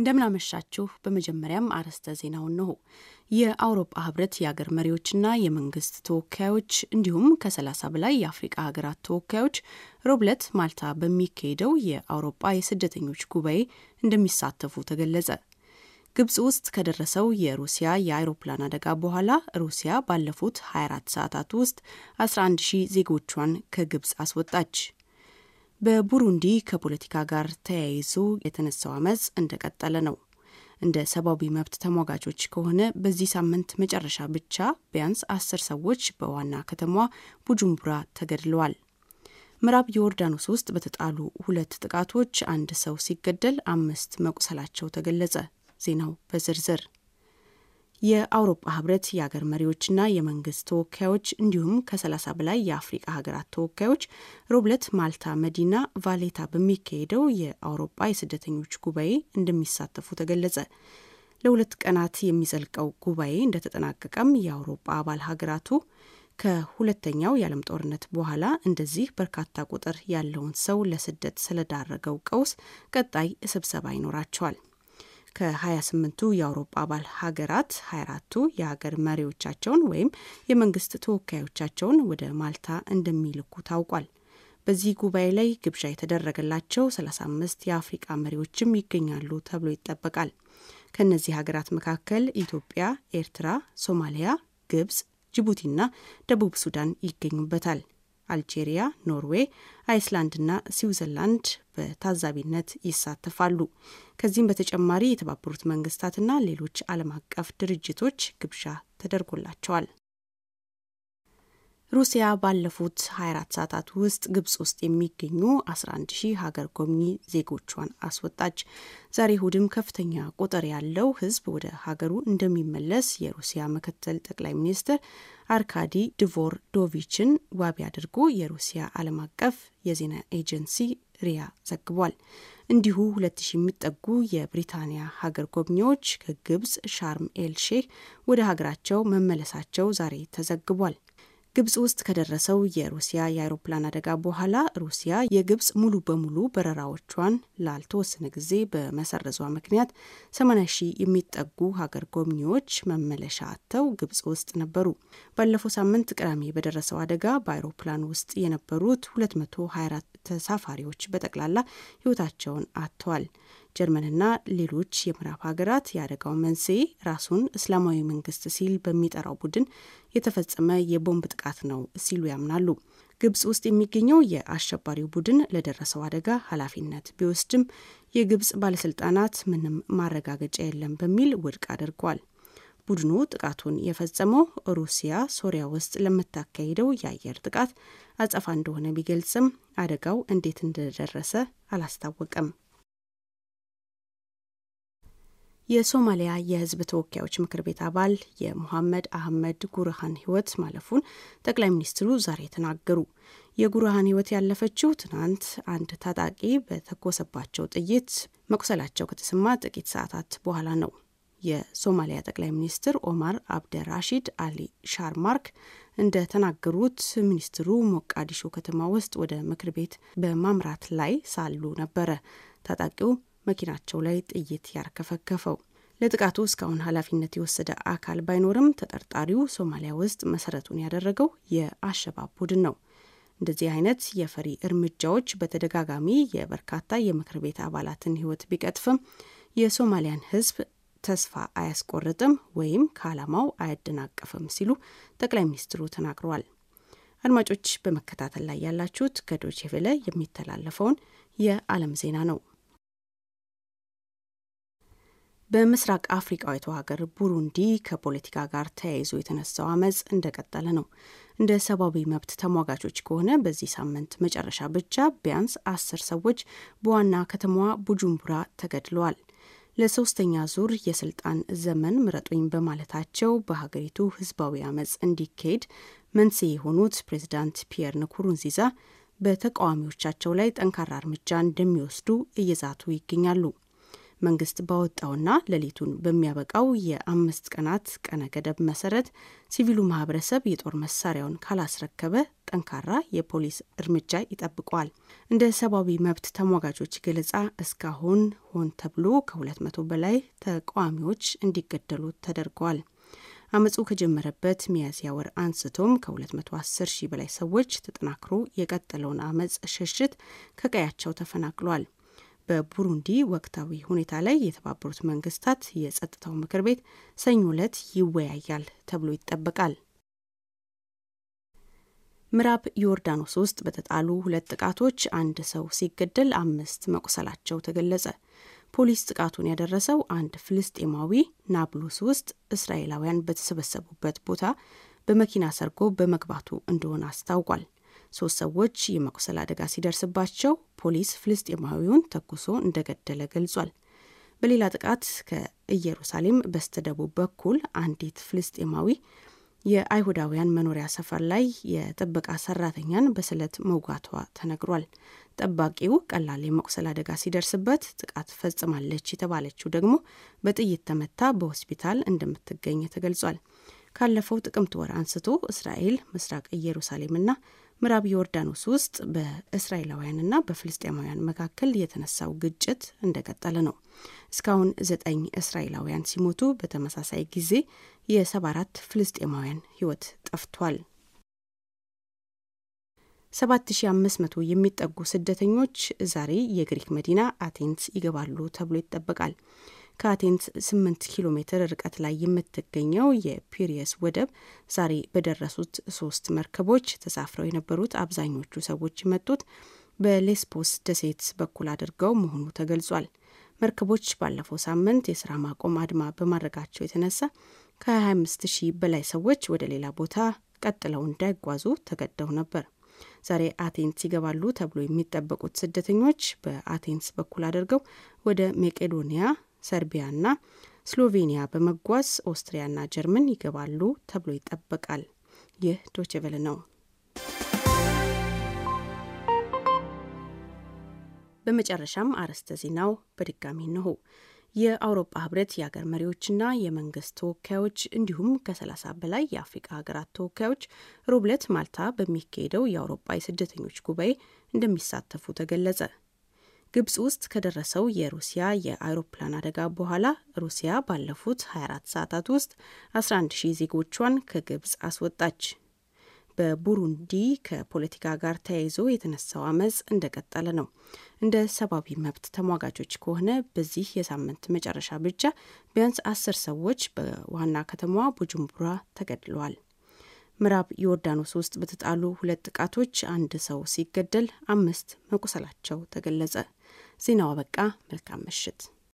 እንደምናመሻችሁ። በመጀመሪያም አርዕስተ ዜናው ነው። የአውሮፓ ህብረት የአገር መሪዎችና የመንግስት ተወካዮች እንዲሁም ከ30 በላይ የአፍሪቃ ሀገራት ተወካዮች ሮብለት ማልታ በሚካሄደው የአውሮፓ የስደተኞች ጉባኤ እንደሚሳተፉ ተገለጸ። ግብጽ ውስጥ ከደረሰው የሩሲያ የአይሮፕላን አደጋ በኋላ ሩሲያ ባለፉት 24 ሰዓታት ውስጥ 11 ሺህ ዜጎቿን ከግብጽ አስወጣች። በቡሩንዲ ከፖለቲካ ጋር ተያይዞ የተነሳው አመፅ እንደቀጠለ ነው። እንደ ሰብአዊ መብት ተሟጋቾች ከሆነ በዚህ ሳምንት መጨረሻ ብቻ ቢያንስ አስር ሰዎች በዋና ከተማ ቡጁምቡራ ተገድለዋል። ምዕራብ ዮርዳኖስ ውስጥ በተጣሉ ሁለት ጥቃቶች አንድ ሰው ሲገደል አምስት መቁሰላቸው ተገለጸ። ዜናው በዝርዝር የአውሮፓ ህብረት የአገር መሪዎችና የመንግስት ተወካዮች እንዲሁም ከ30 በላይ የአፍሪቃ ሀገራት ተወካዮች ሮብለት ማልታ መዲና ቫሌታ በሚካሄደው የአውሮፓ የስደተኞች ጉባኤ እንደሚሳተፉ ተገለጸ። ለሁለት ቀናት የሚዘልቀው ጉባኤ እንደተጠናቀቀም የአውሮፓ አባል ሀገራቱ ከሁለተኛው የዓለም ጦርነት በኋላ እንደዚህ በርካታ ቁጥር ያለውን ሰው ለስደት ስለዳረገው ቀውስ ቀጣይ ስብሰባ ይኖራቸዋል። ከ28ቱ የአውሮፓ አባል ሀገራት 24ቱ የሀገር መሪዎቻቸውን ወይም የመንግስት ተወካዮቻቸውን ወደ ማልታ እንደሚልኩ ታውቋል። በዚህ ጉባኤ ላይ ግብዣ የተደረገላቸው 35 የአፍሪቃ መሪዎችም ይገኛሉ ተብሎ ይጠበቃል። ከእነዚህ ሀገራት መካከል ኢትዮጵያ፣ ኤርትራ፣ ሶማሊያ፣ ግብጽ፣ ጅቡቲና ደቡብ ሱዳን ይገኙበታል። አልጄሪያ፣ ኖርዌይ፣ አይስላንድና ስዊዘርላንድ በታዛቢነት ይሳተፋሉ። ከዚህም በተጨማሪ የተባበሩት መንግስታትና ሌሎች ዓለም አቀፍ ድርጅቶች ግብዣ ተደርጎላቸዋል። ሩሲያ ባለፉት 24 ሰዓታት ውስጥ ግብጽ ውስጥ የሚገኙ 11 ሺህ ሀገር ጎብኚ ዜጎቿን አስወጣች። ዛሬ እሁድም ከፍተኛ ቁጥር ያለው ሕዝብ ወደ ሀገሩ እንደሚመለስ የሩሲያ ምክትል ጠቅላይ ሚኒስትር አርካዲ ድቮርዶቪችን ዋቢ አድርጎ የሩሲያ ዓለም አቀፍ የዜና ኤጀንሲ ሪያ ዘግቧል። እንዲሁ 2000 የሚጠጉ የብሪታንያ ሀገር ጎብኚዎች ከግብጽ ሻርም ኤል ሼህ ወደ ሀገራቸው መመለሳቸው ዛሬ ተዘግቧል። ግብጽ ውስጥ ከደረሰው የሩሲያ የአውሮፕላን አደጋ በኋላ ሩሲያ የግብጽ ሙሉ በሙሉ በረራዎቿን ላልተወሰነ ጊዜ በመሰረዟ ምክንያት 80 ሺህ የሚጠጉ ሀገር ጎብኚዎች መመለሻ አጥተው ግብጽ ውስጥ ነበሩ። ባለፈው ሳምንት ቅዳሜ በደረሰው አደጋ በአውሮፕላን ውስጥ የነበሩት 224 ተሳፋሪዎች በጠቅላላ ሕይወታቸውን አጥተዋል። ጀርመንና ሌሎች የምዕራብ ሀገራት የአደጋው መንስኤ ራሱን እስላማዊ መንግስት ሲል በሚጠራው ቡድን የተፈጸመ የቦምብ ጥቃት ነው ሲሉ ያምናሉ። ግብጽ ውስጥ የሚገኘው የአሸባሪው ቡድን ለደረሰው አደጋ ኃላፊነት ቢወስድም የግብጽ ባለስልጣናት ምንም ማረጋገጫ የለም በሚል ውድቅ አድርጓል። ቡድኑ ጥቃቱን የፈጸመው ሩሲያ ሶሪያ ውስጥ ለምታካሄደው የአየር ጥቃት አጸፋ እንደሆነ ቢገልጽም አደጋው እንዴት እንደደረሰ አላስታወቀም። የሶማሊያ የህዝብ ተወካዮች ምክር ቤት አባል የሙሐመድ አህመድ ጉርሃን ህይወት ማለፉን ጠቅላይ ሚኒስትሩ ዛሬ ተናገሩ። የጉርሃን ህይወት ያለፈችው ትናንት አንድ ታጣቂ በተኮሰባቸው ጥይት መቁሰላቸው ከተሰማ ጥቂት ሰዓታት በኋላ ነው። የሶማሊያ ጠቅላይ ሚኒስትር ኦማር አብደራሺድ አሊ ሻርማርክ እንደተናገሩት ሚኒስትሩ ሞቃዲሾ ከተማ ውስጥ ወደ ምክር ቤት በማምራት ላይ ሳሉ ነበረ ታጣቂው መኪናቸው ላይ ጥይት ያርከፈከፈው። ለጥቃቱ እስካሁን ኃላፊነት የወሰደ አካል ባይኖርም ተጠርጣሪው ሶማሊያ ውስጥ መሰረቱን ያደረገው የአሸባብ ቡድን ነው። እንደዚህ አይነት የፈሪ እርምጃዎች በተደጋጋሚ የበርካታ የምክር ቤት አባላትን ሕይወት ቢቀጥፍም የሶማሊያን ሕዝብ ተስፋ አያስቆርጥም ወይም ከዓላማው አያደናቀፍም ሲሉ ጠቅላይ ሚኒስትሩ ተናግረዋል። አድማጮች በመከታተል ላይ ያላችሁት ከዶቼ ቬለ የሚተላለፈውን የዓለም ዜና ነው። በምስራቅ አፍሪቃዊቱ ሀገር ቡሩንዲ ከፖለቲካ ጋር ተያይዞ የተነሳው አመፅ እንደቀጠለ ነው። እንደ ሰብአዊ መብት ተሟጋቾች ከሆነ በዚህ ሳምንት መጨረሻ ብቻ ቢያንስ አስር ሰዎች በዋና ከተማዋ ቡጁምቡራ ተገድለዋል። ለሶስተኛ ዙር የስልጣን ዘመን ምረጡኝ በማለታቸው በሀገሪቱ ህዝባዊ አመፅ እንዲካሄድ መንስኤ የሆኑት ፕሬዚዳንት ፒየር ንኩሩንዚዛ በተቃዋሚዎቻቸው ላይ ጠንካራ እርምጃ እንደሚወስዱ እየዛቱ ይገኛሉ። መንግስት ባወጣውና ሌሊቱን በሚያበቃው የአምስት ቀናት ቀነ ገደብ መሰረት ሲቪሉ ማህበረሰብ የጦር መሳሪያውን ካላስረከበ ጠንካራ የፖሊስ እርምጃ ይጠብቋል። እንደ ሰብአዊ መብት ተሟጋቾች ገለጻ እስካሁን ሆን ተብሎ ከ200 በላይ ተቃዋሚዎች እንዲገደሉ ተደርጓል። አመፁ ከጀመረበት ሚያዝያ ወር አንስቶም ከ210 ሺህ በላይ ሰዎች ተጠናክሮ የቀጠለውን አመፅ ሽሽት ከቀያቸው ተፈናቅሏል። በቡሩንዲ ወቅታዊ ሁኔታ ላይ የተባበሩት መንግስታት የጸጥታው ምክር ቤት ሰኞ ዕለት ይወያያል ተብሎ ይጠበቃል። ምዕራብ ዮርዳኖስ ውስጥ በተጣሉ ሁለት ጥቃቶች አንድ ሰው ሲገደል አምስት መቁሰላቸው ተገለጸ። ፖሊስ ጥቃቱን ያደረሰው አንድ ፍልስጤማዊ ናብሉስ ውስጥ እስራኤላውያን በተሰበሰቡበት ቦታ በመኪና ሰርጎ በመግባቱ እንደሆነ አስታውቋል። ሶስት ሰዎች የመቁሰል አደጋ ሲደርስባቸው ፖሊስ ፍልስጤማዊውን ተኩሶ እንደገደለ ገልጿል። በሌላ ጥቃት ከኢየሩሳሌም በስተደቡብ በኩል አንዲት ፍልስጤማዊ የአይሁዳውያን መኖሪያ ሰፈር ላይ የጥበቃ ሰራተኛን በስለት መውጋቷ ተነግሯል። ጠባቂው ቀላል የመቁሰል አደጋ ሲደርስበት ጥቃት ፈጽማለች የተባለችው ደግሞ በጥይት ተመታ በሆስፒታል እንደምትገኝ ተገልጿል። ካለፈው ጥቅምት ወር አንስቶ እስራኤል ምስራቅ ኢየሩሳሌምና ምዕራብ ዮርዳኖስ ውስጥ በእስራኤላውያንና በፍልስጤማውያን መካከል የተነሳው ግጭት እንደቀጠለ ነው። እስካሁን ዘጠኝ እስራኤላውያን ሲሞቱ በተመሳሳይ ጊዜ የሰባ አራት ፍልስጤማውያን ሕይወት ጠፍቷል። 7500 የሚጠጉ ስደተኞች ዛሬ የግሪክ መዲና አቴንስ ይገባሉ ተብሎ ይጠበቃል። ከአቴንስ 8 ኪሎ ሜትር ርቀት ላይ የምትገኘው የፒሪየስ ወደብ ዛሬ በደረሱት ሶስት መርከቦች ተሳፍረው የነበሩት አብዛኞቹ ሰዎች የመጡት በሌስፖስ ደሴት በኩል አድርገው መሆኑ ተገልጿል። መርከቦች ባለፈው ሳምንት የስራ ማቆም አድማ በማድረጋቸው የተነሳ ከ25 ሺህ በላይ ሰዎች ወደ ሌላ ቦታ ቀጥለው እንዳይጓዙ ተገደው ነበር። ዛሬ አቴንስ ይገባሉ ተብሎ የሚጠበቁት ስደተኞች በአቴንስ በኩል አድርገው ወደ መቄዶንያ ሰርቢያና ስሎቬኒያ በመጓዝ ኦስትሪያና ጀርመን ይገባሉ ተብሎ ይጠበቃል። ይህ ዶችቨል ነው። በመጨረሻም አርዕስተ ዜናው በድጋሚ እንሆ። የአውሮፓ ህብረት የአገር መሪዎችና የመንግስት ተወካዮች እንዲሁም ከ30 በላይ የአፍሪካ ሀገራት ተወካዮች ሮብለት ማልታ በሚካሄደው የአውሮፓ የስደተኞች ጉባኤ እንደሚሳተፉ ተገለጸ። ግብጽ ውስጥ ከደረሰው የሩሲያ የአውሮፕላን አደጋ በኋላ ሩሲያ ባለፉት 24 ሰዓታት ውስጥ 11 ሺህ ዜጎቿን ከግብጽ አስወጣች። በቡሩንዲ ከፖለቲካ ጋር ተያይዞ የተነሳው አመፅ እንደቀጠለ ነው። እንደ ሰብአዊ መብት ተሟጋቾች ከሆነ በዚህ የሳምንት መጨረሻ ብቻ ቢያንስ አስር ሰዎች በዋና ከተማዋ ቡጁምቡራ ተገድለዋል። ምዕራብ ዮርዳኖስ ውስጥ በተጣሉ ሁለት ጥቃቶች አንድ ሰው ሲገደል አምስት መቁሰላቸው ተገለጸ። ዜናው አበቃ። መልካም ምሽት።